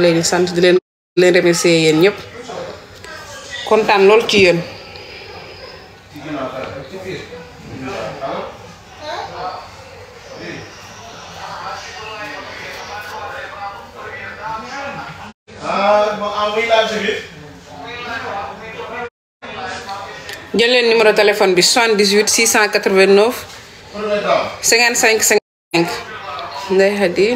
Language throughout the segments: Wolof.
leen di sant di leen leen remercier yéen ñëpp kontaan lool ci yéen jël leen numéro téléphone bi 78 689 55 55 Ndeye Khady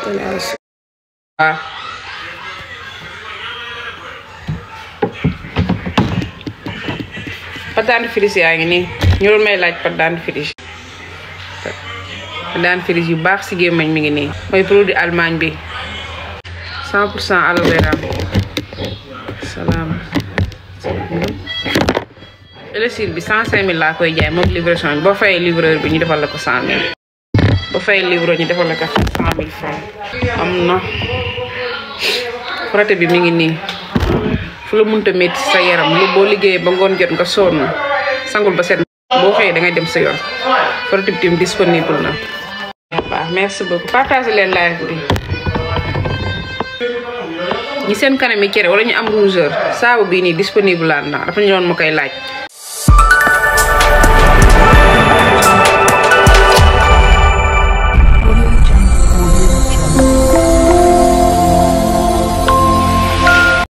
waaw pâte dentifrice yaa ngi nii ñu doon may laaj pâte dentifrice pâte dentifrice yu baax si gémmañ mi ngi nii mooy produit Allemagne bi 100 pour cent aloe salaam élixir bi 105000 laa koy jaay moom livraison bi boo fayee livreur bi ñu defal la ko 100000 ba fay livre ñi defal la ko cent mille franc am na proté bi mu ngi nii fu la munta métti sa yaram lu boo liggéeyee ba ngoon jot nga na sangul ba set boo xëyee da ngay dem sa yoon proté bi tim disponible na merci beaucoup partage leen live bi ñi seen kanam yi cere wala ñu am rougeur saabu bii nii disponible laan na dafa ñu doon ma koy laaj